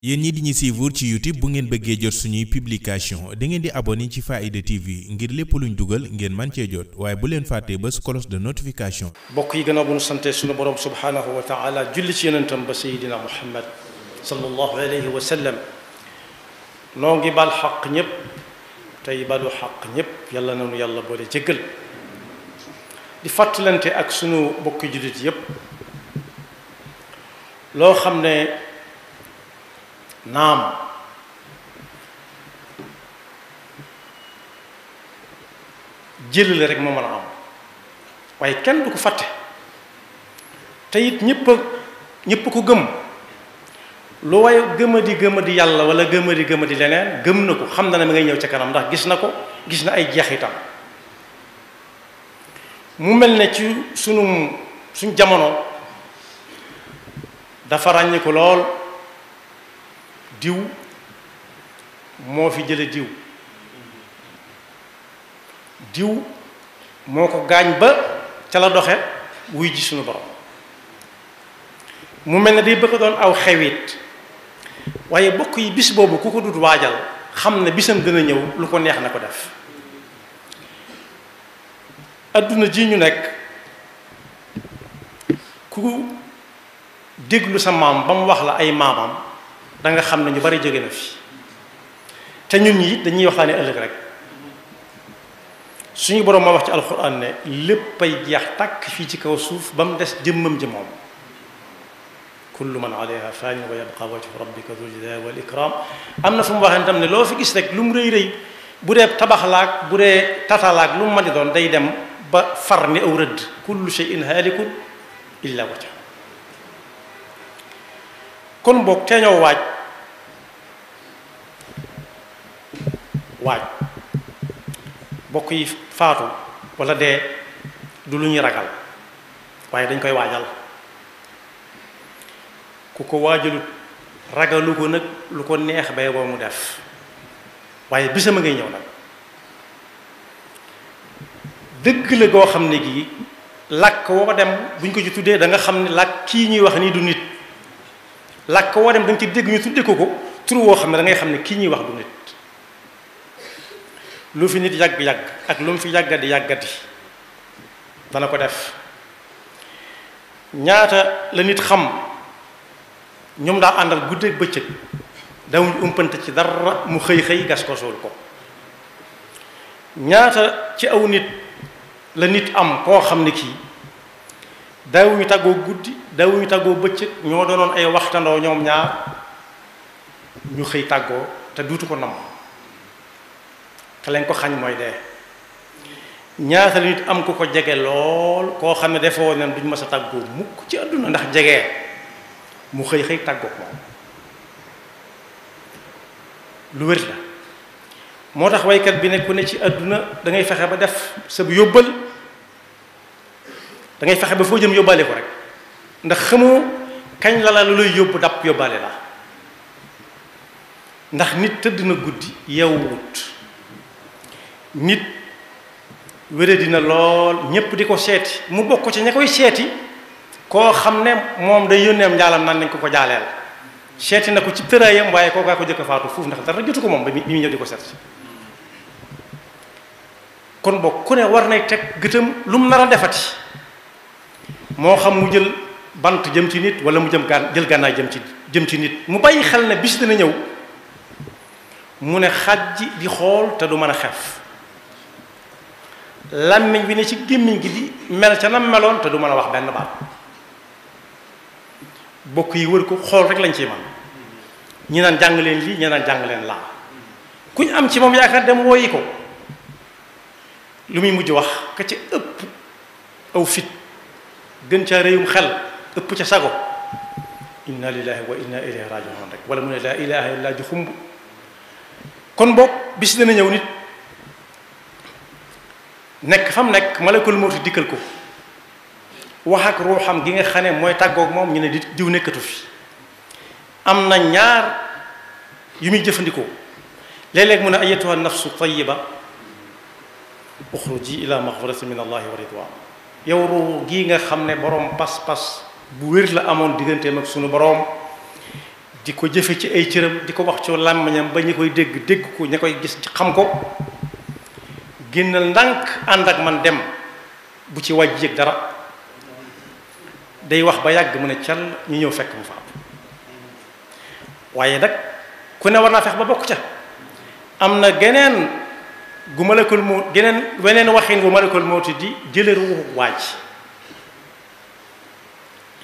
yéen ñi di ñu suivre ci youtube bu ngeen bëggee jot suñuy publication da ngeen di abonné ci Faaida TV ngir lépp luñ dugal ngeen man cee jot waaye bu leen fàttee bés cloche de notification bokk yi gannaaw bu ñu sante suñu borom subhaanahu wa taala julli ci yonentam ba sayidina muhammad sallallahu alayhi wa sallam noo ngi bal xaq ñépp tey balu xaq ñépp yàlla nanu yàlla boole jéggal di ak suñu bokki jullit yépp loo xam ne naam jël rek moo mën a am waaye kenn du ko fàtte te it ñëpp a ñëpp ko gëm lu waaye gëma di gëma di yàlla wala gëma di gëma di leneen gëm na ko xam na ne mi ngay ñëw ca kanam ndax gis na ko gis na ay jeexitam mu mel ne ci sunu suñ jamono dafa ràññi ko lool diw moo fi jële diw diw moo ko gaañ ba ca la doxe wuy ji suñu borom mu mel ne day bëgg doon aw xewit waaye bokk yi bis boobu ku ko dut waajal xam na bisam dina ñëw lu ko neex na ko def àdduna ji ñu nekk ku déglu sa maam ba mu wax la ay maamam danga xam ne ñu bari jóge na fi te ñun ñi dañuy waxtaane ëllëg rek suñu boroom ma wax ci alxuraan ne léppay jeex tàkk fii ci kaw suuf ba mu des jëmmam ji moom kullu man alayha faanin wa yabqa wajhu rabbika dul jalaali am na fu mu waxee tam ne loo fi gis rek lu mu rëy rëy bu dee tabax bu dee tatalaag lu mu mën doon day dem ba far ni aw rëdd kullu shay'in haalikun illa wajha kon boog te ñoo waaj waaj bokk yi faatu walla de du lu ñuy ragal waaye dañ koy waajal ku ko waajalut ragalu ko nag lu ko neex bay boo mu def waaye bisam a ngay ñëw nag dëgg la goo xam ne gii làkk woo dem buñ ko ci tuddee da nga xam ne làkk kii ñuy wax nii du nit làkk woo dem da ci dégg ñu tuddee ko ko tur woo xam ne dangay ngay xam ne kii ñuy wax du nit lu fi nit yàgg-yàgg ak lu mu fi yàggadi yàggadi dana ko def ñaata la nit xam ñoom daa àndal guddeeg bëccëg dawuñ umpante ci dara mu xëy xëy gas ko suul ko ñaata ci aw nit la nit am koo xam ne kii daawuñu tàggoo guddi daawuñu tàggoo bëccëg ñoo doonoon ay waxtandoo ñoom ñaar ñu xëy tàggoo te duutu ko nam te lañ ko xañ mooy dee ñaata nit am ku ko jege lool koo xam ne defoo woon duñ mës a tàggoo mukk ci àdduna ndax jegee mu xëy xëy tàggoo moom lu wér moo tax waykat bi ne ku ne ci àdduna dangay fexe ba def sa yóbbal dangay fexe ba foo jëm yóbbaale ko rek ndax xamoo kañ la la lu lay yóbbu dàpp yóbbaale la ndax nit tëdd na guddi yeewut nit wére dina lool ñépp di ko seeti mu bokk ci ña koy seeti koo xam ne moom day yónneem njaalam naan nañ ko ko jaaleel seeti na ko ci tëraayam waaye kookaa ko jëkk faatu fuuf ndax dara jotu ko moom ba mi ñëw di ko set kon bokk ku ne war nay teg gëtëm lu mu nar a defati moo xam mu jël bant jëm ci nit wala mu jëm gaan jël gànnaay jëm ci jëm ci nit mu bàyyi xel ne bis dina ñëw mu ne xaj di xool te du mën a xef làmmiñ bi ne ci gémmiñ gi di mel ca na meloon te du mën a wax benn baat bokk yi wër ko xool rek lañ ci man ñi naan jàng leen lii ñi naan jàng leen laa kuñ am ci moom yaakaar dem wooyi ko lu muy mujj wax ka ci ëpp aw fit gën ca réyum xel ëpp ca sago inna lillahi wa inna ilayhi rajiun rek wala mu a laa ilaha illa ju xumb kon boog bis dana ñëw nit nekk fam nekk malakul mawti dikkal ko wax ak ruuxam gi nga xam ne mooy tàggoog moom ñu ne di diw nekkatu fi am na ñaar yu muy jëfandikoo léeg-léeg mu ne ayatuha nafsu tayiba uxruji ila maxfirati min allahi wa ridwan yow roowu gii nga xam ne boroom pas-pas bu wér la amoon digganteem ak sunu boroom di ko jëfe ci ay cëram di ko wax ci làmmiñam ba ñu koy dégg dégg ko ña koy gis xam ko génnal ndànk ànd ak man dem bu ci wàjj yëg dara day wax ba yàgg mu ne cal ñu ñëw fekk mu fa waaye nag ku ne war naa fex ba bokk ca am na geneen gu malakul mawt geneen weneen waxin gu malakul mawti di jële ruuxu waaj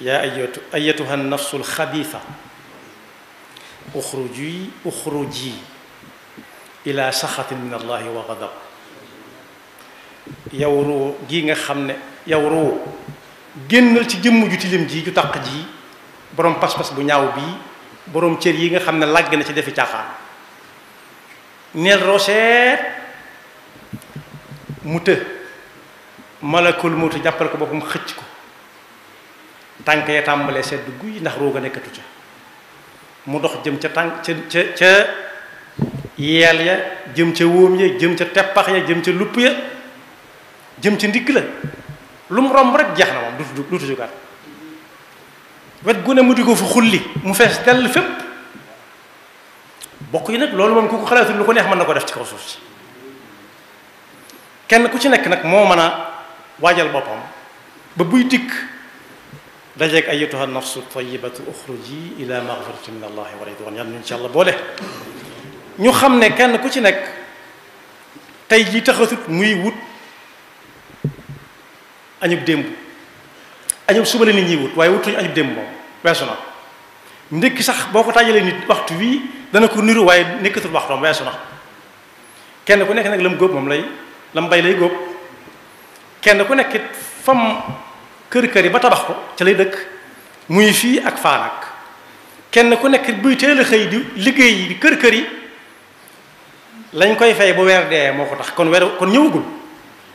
yaa ayatu ayatuha nafsul xabiisa uxruji uxruji ila saxatin min allahi wa gadab yow ruu gi nga xam ne yow ruu génnal ci jëmm ju tilim ji ju taq ji borom pas-pas bu ñaaw bii boroom cër yi nga xam ne làgg na ci defi caaxaan neel roseet mu të malakul mawtu jàppale ko boppam xëcc ko tànk ya tàmbalee sedd guy ndax roog a nekkatu ca mu dox jëm ca tànk ca ca ca yeel ya jëm ca wóom ya jëm ca teppax ya jëm ca lupp ya jëm ca ndigg la lu mu romb rek jeex na moom du duutu jógaat wet gu mu di ko fu xulli mu fees dell fépp bokk yi nag loolu moom ku ko xalaatul lu ko neex mën na ko def ci kaw suuf si kenn ku ci nekk nag moo mën a waajal boppam ba buy dikk dajeeg ayyatuha nafsu tayyibatu uxruji ila magfirati min allahi wa ridwan yàlla insha allah boole ñu xam ne kenn ku ci nekk tey jii taxatut muy wut añub démb añub suba la nit ñiy wut waaye wutuñu añub démb moom weesu na ndékki sax boo ko tàjjalee nit waxtu wii dana ko niru waaye nekkatul waxtoom weesu na kenn ku nekk nag la mu góob moom lay lam bay lay góob kenn ku nekk fam kër-kër yi ba tabax ko ca lay dëkk muy fii ak faa nag kenn ku nekk buy teel xëy di liggéey yi di kër-kër yi lañ koy fay ba weer dee moo ko tax kon weer kon ñëwagul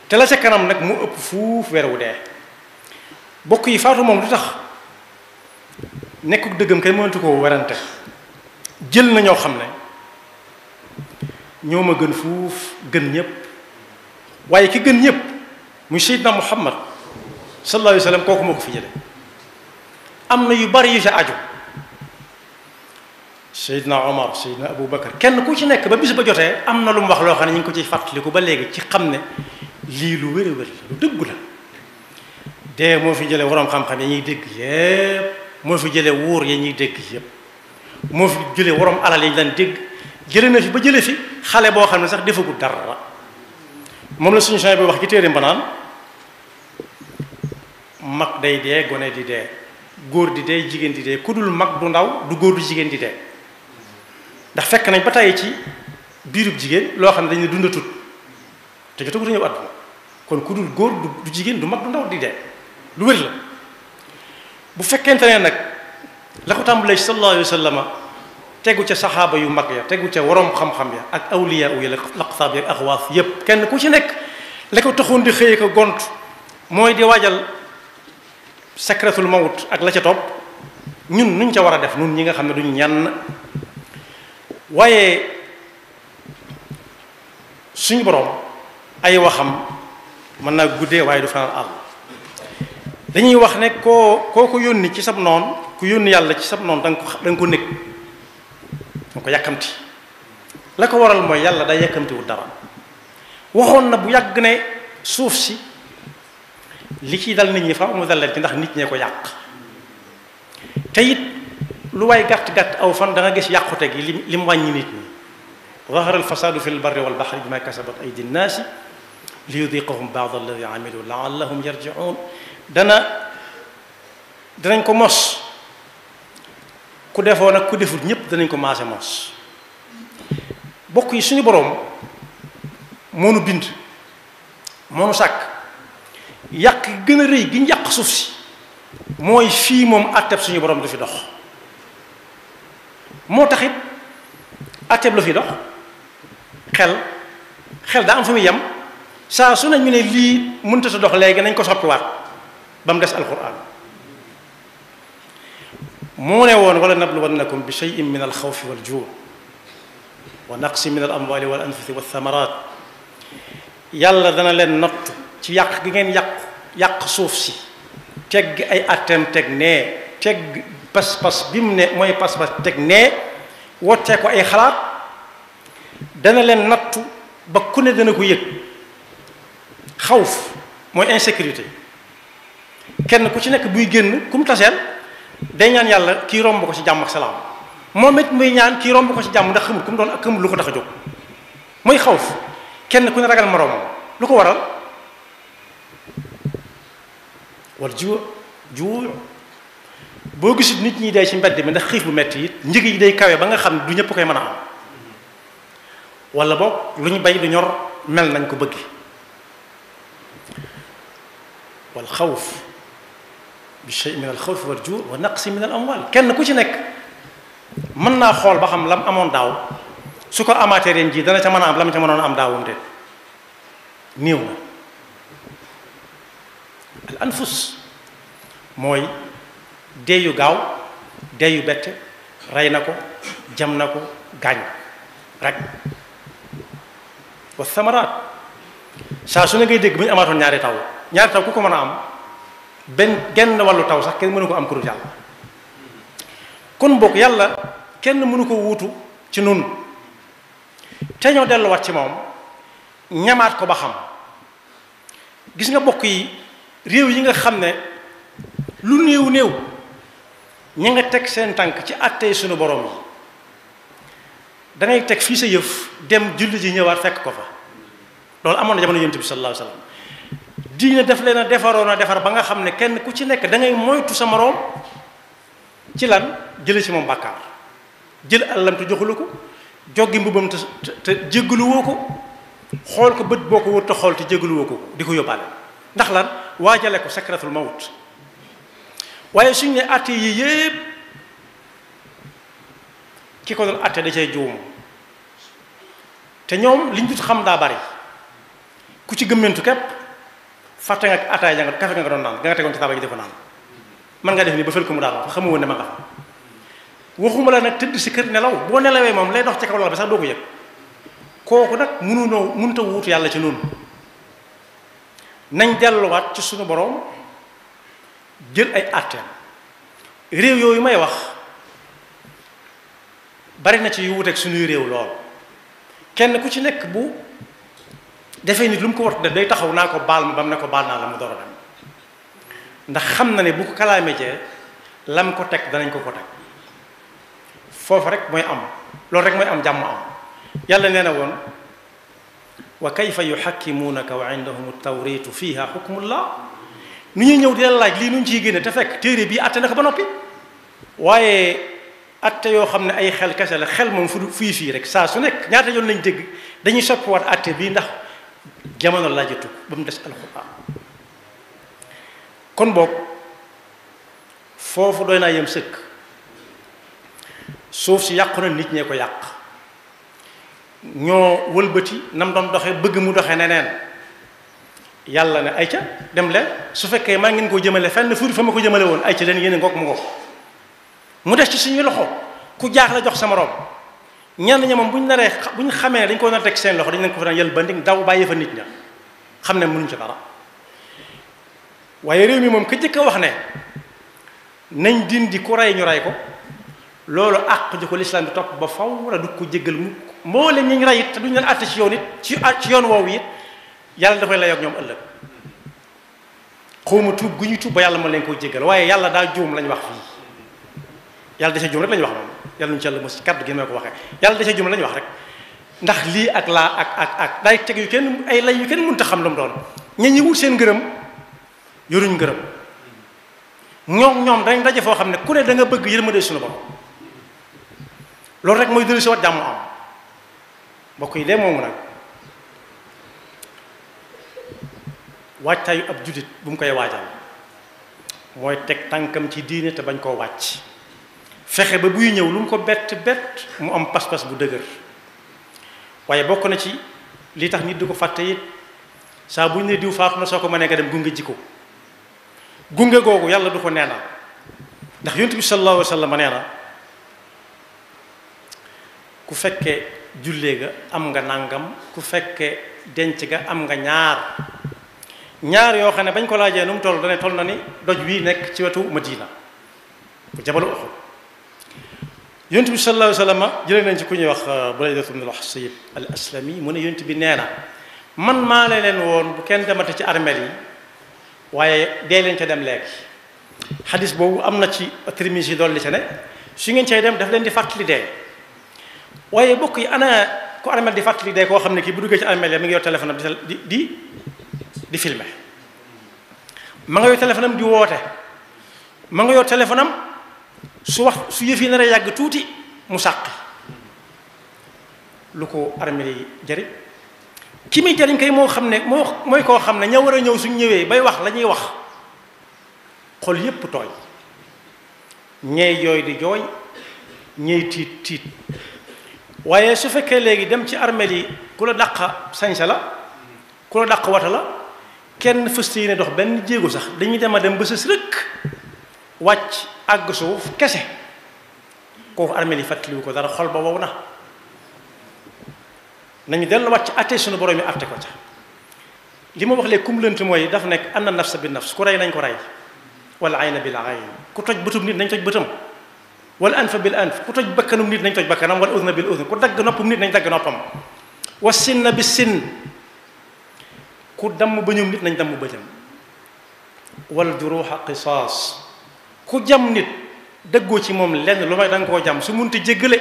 te la ca kanam nag mu ëpp fuuf weer wu dee bokk yi faatu moom lu tax nekkuk dëggam kay mënatu koo werante jël na ñoo xam ne ñoo ma gën fuuf gën ñépp waaye ki gën ñëpp muy Seydina Muhammad sallallahu alayhi wa sallam ko fi jële am na yu bari yu ca aju Seydina Omar Seydina Abu Bakar kenn ku ci nekk ba bis ba jotee am na lu mu wax loo xam ne ñu ko ciy fàttaliku ba léegi ci xam ne lii lu wér wér la lu dëggu la dee moo fi jële woroom xam-xam ya ñuy dégg yépp moo fi jële wóor ya ñuy dégg yépp moo fi jële waroom alal ya ñu daan jële na fi ba jële fi xale boo xam ne sax defagul dara moom la suñu changé bi wax ci téere mbanaan mag day dee gone di dee góor di dee jigéen di dee ku dul mag du ndaw du góor du jigéen di dee ndax fekk nañ ba tàyyi ci biirub jigéen loo xam ne dañu dundatut te jotagut a ñëw àdduna kon ku dul góor du jigéen du mag du ndaw di dee lu wér la bu fekkente ne nag la ko tàmbalee ci sallallahu alayhi wa tegu ca saxaaba yu mag ya tegu ca woroom xam-xam ya ak awliya ya laqsaab ya ak axwaas yépp kenn ku ci nekk la ko taxoon di xëye ko gont mooy di waajal sakratul mawut ak la ca topp ñun nuñ ca war a def ñun ñi nga xam ne duñ ñan waaye suñu borom ay waxam mën naa guddee waaye du a àll dañuy wax ne koo koo ko yónni ci sab noon ku yónni yàlla ci sab noon danga ko danga ko nekk mu ko yàkkamti la ko waral mooy yàlla day yàkkamtiwul dara waxoon na bu yàgg ne suuf si li kii dal nit ñi fa mu dal leen ci ndax nit ñee ko yàq te lu waay gàtt-gàtt aw fan da nga gis yàqute gi li li mu wàññi nit ñi zahara alfasadu fi lbarri walbahri bima kasabat aydi nnaasi liyudiqahum baad alladi amilu laallahum yarjiun dana danañ ko mos ku defoon ak ku defut ñëpp danañ ko maase mos bokk yi suñu boroom moo nu bind moo nu sàkk yàq gi gën a rëy gi ñu yàq suuf si mooy fii moom àtteeb suñu boroom du fi dox moo taxit àtteeb lu fi dox xel xel daa am fa muy yem saa su ne ñu ne lii mënta sa dox léegi nañ ko soppiwaat ba mu des alxuraan mu ne woon wala nabluwannakum bi cheyin min alxawfi waljuu wa naqsi min al amwali wal anfusi walthamarat yàlla dana leen nott ci yàq gi ngeen yàq yàq suuf si tegg ay atteem teg nee teg pas-pas bi mu ne mooy pas-pas teg nee wottee ko ay xalaat dana leen nattu ba ku ne dana ko yëg xawf mooy insécurité kenn ku ci nekk buy génn ku taseel day ñaan yàlla kii romb ko ci jàmm ak salaam moom it muy ñaan kii romb ko ci jàmm ndax xamul ku doon ak xamul lu ko tax a jóg muy xawf kenn ku ne ragal moroomam lu ko waral wal jiw jiw boo gisul nit ñi dee ci mbedd mi ndax xiif bu metti it njëg yi day kawe ba nga xam ne du ñépp koy mën a am wala boog lu ñu bay du ñor mel nañ ko bëgg wal xawf bi shay min al xawf wal juu wa naqsi min al amwal kenn ku ci nekk mën naa xool ba xam lam amoon daaw su ko amaatee ren jii dana ca mën a am lam ca manoon a am daawam anfus mooy dee yu gaaw dee yu bette na ko jam na ko gaañ rek wa samaraat saa su ne ngay dégg bu ñu amaatoon ñaari taw ñaari taw ku ko mën a am benn genn wàllu taw sax kenn mënu ko am ku yàlla kon bokk yàlla kenn mënu ko wuutu ci nun te ñoo delluwaat ci moom ñamaat ko ba xam gis nga bokk yi réew yi nga xam ne lu néew néew ña nga teg seen tànk ci àttee sunu borom yi dangay teg fii sa yëf dem julli yi ñëwaat fekk ko fa loolu amoon na jamono yonent bi sallallahu diine def leen a defaroon a defar ba nga xam ne kenn ku ci nekk da ngay moytu sa moroom ci lan jële ci moom bàkkaar jël alalam te joxulu ko joggi mbubam te te jéggalu woo ko xool ko bët boo ko wër te xool te jéggalu woo ko di ko yóbbaale ndax lan waajale ko sakratul mawt waaye suñ ne atte yi yépp ki ko doon atte da cay juum te ñoom liñ dut xam daa bari ku ci gëmmentu képp fàtte nga ataay ja nga kafe nga doon naan ga nga tegoon ci taaba ji di naan mën nga def ni ba fël ko mu daal fa xamu woon ne ma nga waxuma la nag tëdd si kër nelaw boo nelawee moom lay dox ci kaw lal bi sax doo ko yëg kooku nag mënunoo mënuta wuutu yàlla ci noonu nañ delluwaat ci suñu borom jël ay àtteem réew yooyu may wax bari na ci yu wuteeg suñuy réew lool kenn ku ci nekk bu defee nit lu mu ko war def day taxaw naa ko baal ma ba mu ne ko baal naa la mu door a ndax xam na ne bu ko kalaamee cee lam ko teg danañ ko ko teg foofu rek mooy am loolu rek mooy am jàmm am yàlla nee na woon wa kayfa yuhakkimuunaka wa indahum tawritu fiha la ni ñuy ñëw di laaj lii nu ñu ciy génne te fekk téere bii atte na ko ba noppi waaye atte yoo xam ne ay xel kese la xel moom fu fii fii rek saa su nekk ñaata yoon lañ dégg dañuy soppiwaat atte bii ndax jamono laajatu ba mu des alxuraan kon boog foofu doy naa yem sëkk suuf si yàqu na nit ñee ko yàq ñoo wëlbati nam doon doxe bëgg mu doxee neneen yàlla ne ayca dem leen su fekkee maa ngeen koo jëmale fenn fuur fa ma ko jëmale woon ay ayca leen yéen ngoog mu ngoog mu des ci suñuy loxo ku jaax la jox sa moroom ñenn ña moom bu ñu naree bu ñu xamee dañ ko nar a teg seen loxo dañ leen ko fa daan yël bandik daw bàyyi fa nit ña xam ne mënuñ ci dara waaye réew mi moom ka jëkk wax ne nañ dindi ku rey ñu rey ko loolu àq ji ko lislaam bi topp ba faw la du ko jéggal mu mboolem ñi rey it te duñ leen àtte ci yoon it ci ci yoon woowu yit yàlla dafay lay ak ñoom ëllëg xawma tuub gu ñu tuub ba yàlla ma leen koo jéggal waaye yàlla daa juum lañ wax fii yàlla dese juum rek lañ wax yàlla nañu ci yàlla mos ci kaddu gi ma ko waxee yàlla da cee jumla lañu wax rek ndax lii ak laa ak ak ak day teg yu kenn ay lay yu kenn mënut a xam lu mu doon ña ñi wut seen ngërëm yoruñ ngërëm ñoom ñoom dañ daje foo xam ne ku ne bëgg nga ma yërmande sunu borom loolu rek mooy dellu si wat jàmm am mbokk yi de moom nag waajtaayu ab jullit bu mu koy waajal mooy teg tànkam ci diine te bañ koo wàcc fexe ba buy ñëw lu mu ko bett bett mu am pas-pas bu dëgër waaye bokk na ci li tax nit du ko fàtte it saa bu ñu ne diw faatu na soo ko mënee nga dem gunge ji ko gunge googu yàlla du ko neena ndax yonent bi sallallahu alayhi wa sallam ku fekkee julle ga am nga nàngam ku fekkee denc ga am nga ñaar ñaar yoo xam ne bañ ko laajee nu mu toll dane toll na ni doj wi nekk ci wetu Madina bu jabalu Uhud yonent bi sallallahu alayhi wa sallam jëlee nañ ci ku ñuy wax euh, Buraydatu bnul Husayb al aslami mu ne yonent bi nee na man maa ne leen woon bu kenn demate ci armeel yi waaye dee leen ca dem léegi xadis boobu am na ci Tirmisi dolli ca ne su ngeen cay dem daf leen di fàttali dee waaye bokk yi ana ku armeel di fàttali dee koo xam ne kii bu duggee ci armeel ya mi ngi yor téléphone am di di di filmer ma nga yor téléphone am di woote ma ngi yor téléphone am su wax su yëf yi nar yàgg tuuti mu sàqi lu ko armée yi jariñ ki muy jariñ kay moo xam ne moo mooy koo xam ne ña war a ñëw suñ ñëwee bay wax lañuy wax xol yépp tooy ñey jooy di jooy ñey tiit tiit waaye su fekkee léegi dem ci armeel yi ku la dàq sañsa la ku la dàq wata la kenn fëste yi ne dox benn jéego sax dañuy dem a dem ba sës rëkk wàcc àgg suuf kese kooku armeel yi fàttaliwu ko dara xol ba wow na nañu delluwaat ci àtte suñu borom yi àtte ko ca li ma wax lee kum lënt mooy dafa nekk anna nafsa bi nafs ku rey nañ ko rey wala ayna bil ayn ku toj bëtum nit nañ toj bëtam wala anfa bil anf ku toj bakkanum nit nañ toj bakkanam wala udna bil udna ku dagg noppum nit nañ dagg noppam wa sinna bi sinn ku damm bëñum nit nañ damm bëñam wal juruha qisaas ku jam nit dëggoo ci moom lenn lu may da nga koo jam su munti jéggale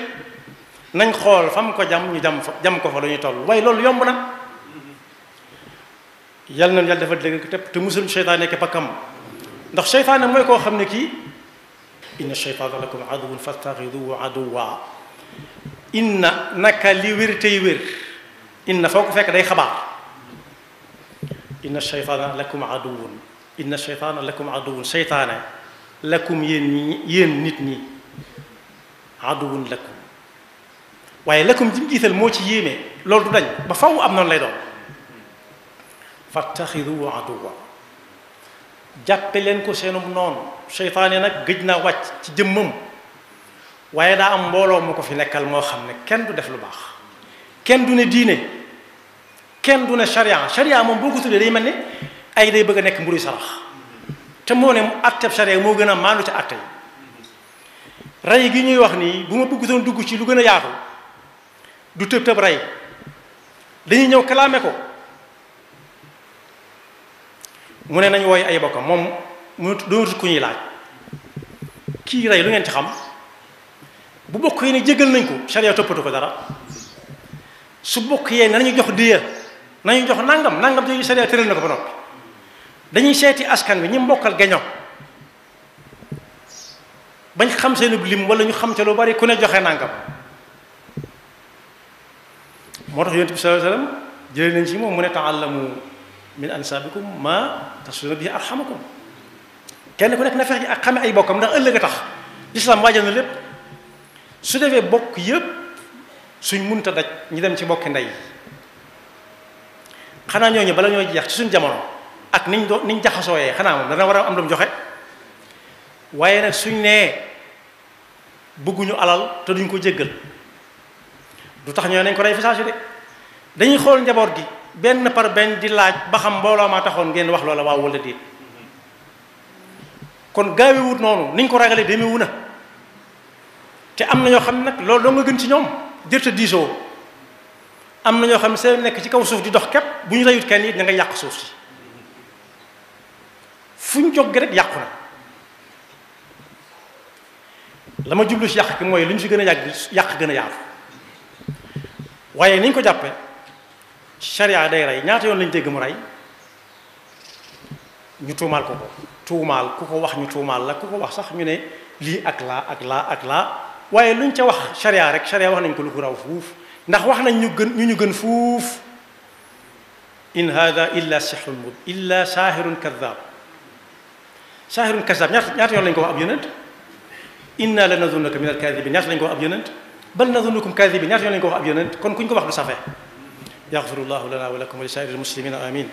nañ xool fam ko jam ñu jam fa ko fa lu ñuy toll waaye loolu yomb na yal na yàlla dafa dëgg tepp te musul seytaane nekk bakkam ndax seytaane mooy koo xam ne kii inna seytaana lakum aduwwun fattaxiduhu aduwwa inna naka li wér tey wér inna fekk day xabaar inna seytaana lakum aduwwun inna seytaana lakum lakum yéen ñi yéen nit ñi aduwun lakum waaye lakum ji mu moo ci yéeme lool du dañ ba faw am noonu lay doon fattaxidu aduwa jàppe leen ko seenum noonu seytaane nag gëj naa wàcc ci jëmmam waaye daa am mbooloo mu ko fi nekkal moo xam ne kenn du def lu baax kenn du ne diine kenn du ne charia charia moom boo ko tuddee day mel ni ay day bëgg a nekk mburuy sarax te moo ne atteb charia moo gën a maandu ci atte yi rey gi ñuy wax nii bu ma bëggutoon dugg ci lu gën a yaatu du tëb tëb rey dañuy ñëw kalaame ko mu ne nañ wooy ay bokkam moom mu doonatut ku ñuy laaj kii rey lu ngeen ci xam bu bokk yee ne jégal nañ ko charia toppatu ko dara su bokk yee ne nañu jox diya nañu jox nangam nangam te charia tëral na ko ba noppi dañuy seeti askan wi ñi mbokkal geño bañ xam seenub lim walla ñu xam ca lu bari ku ne joxe nànkam moo tax yonent bi sallallahu alayhi wasallam jëlee nañ ci moom mu ne taallamu min ansaabikum ma tasluna kenn ku nekk na fexe ak xame ay bokkam ndax ëllëg a tax lislaam waajal na lépp su defee bokk yépp suñ munta daj ñu dem ci bokki ndey xanaa ñooñu bala ñoo jeex ci suñ jamono ak niñ doon niñ jaxasooyee xanaa moom dana war a am lu mu joxe waaye nag suñ nee bëgguñu alal te duñ ko jéggal du tax ñoo nañ ko rey fi saa su de dañuy xool njaboot gi benn par benn di laaj ba xam mbooloo maa taxoon ngeen wax la waaw wala déet kon gaawi wut noonu niñ ko ragalee demewu na te am na ñoo xam ne nag loolu doo nga gën ci ñoom jërta diisoo am na ñoo xam ne nekk ci kaw suuf di dox képp bu ñu reyut kenn it ña ngay yàq suuf si fu ñu jóg rek yàqu na la ma jublu ci yàq ki mooy lu ñu fi gën a yàgg yàq gën a yaatu waaye ni ko jàppe sharia day rey ñaata yoon lañ dégg mu rey ñu tuumaal ko ko tuumaal ku ko wax ñu tuumaal la ku ko wax sax ñu ne lii ak laa ak laa ak laa waaye luñ ca wax sharia rek sharia wax nañ ko lu ko raw fuuf ndax wax nañ ñu gën ñu ñu gën fuuf in hada illa sihrun mub illa saahirun kaddaab saahirun kazaab ñaata ñaata yoon lañ ko wax ab yonent inna la nazunnaka min alkaadibin ñaata lañ ko wax ab yonent bal nazunnukum kaadibin ñaata yoon lañ ko wax ab yonent kon kuñ ko wax du safe yaxfirullahu lana wa lakum wa li saa'iril muslimina amin